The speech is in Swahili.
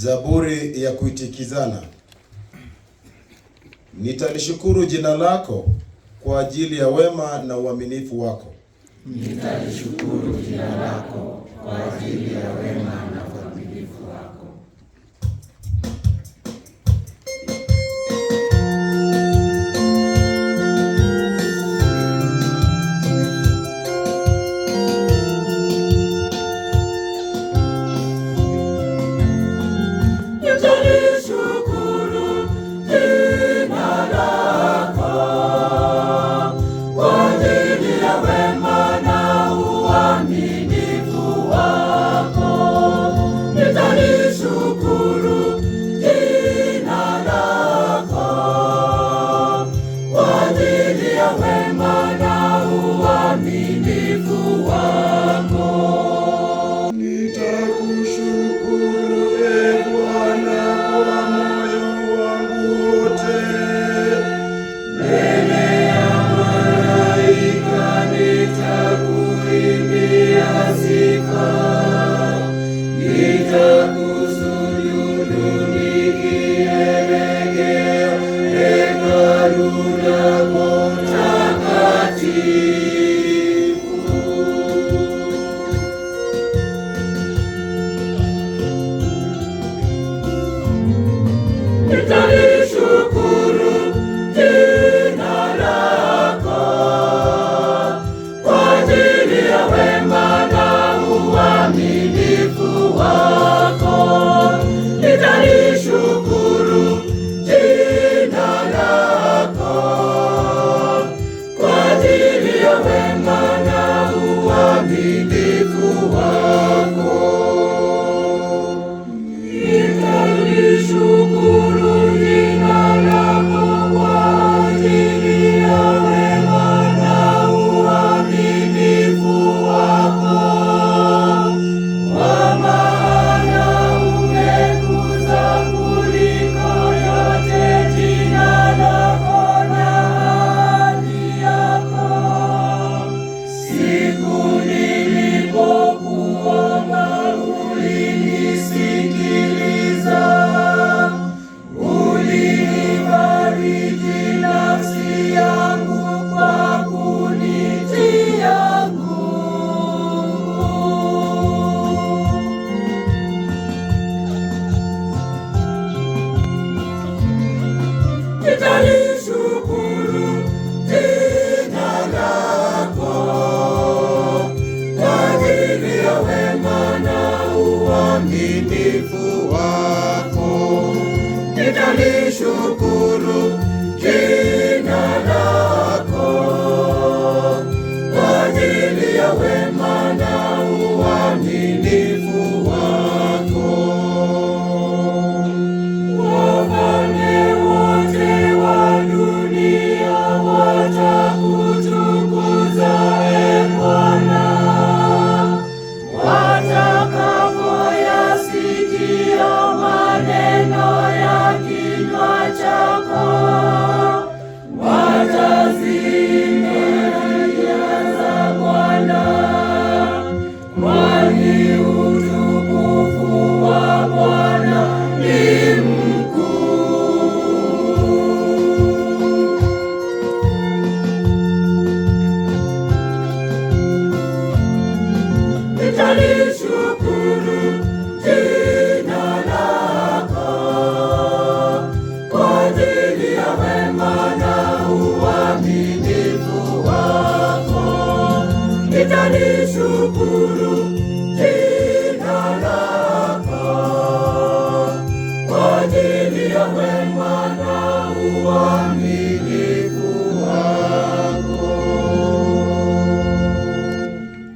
Zaburi ya kuitikizana. Nitalishukuru jina lako kwa ajili ya wema na uaminifu wako. Nitalishukuru jina lako kwa ajili ya wema na Yeshua. nitalishukuru jina lako kwa ajili ya wema na uaminifu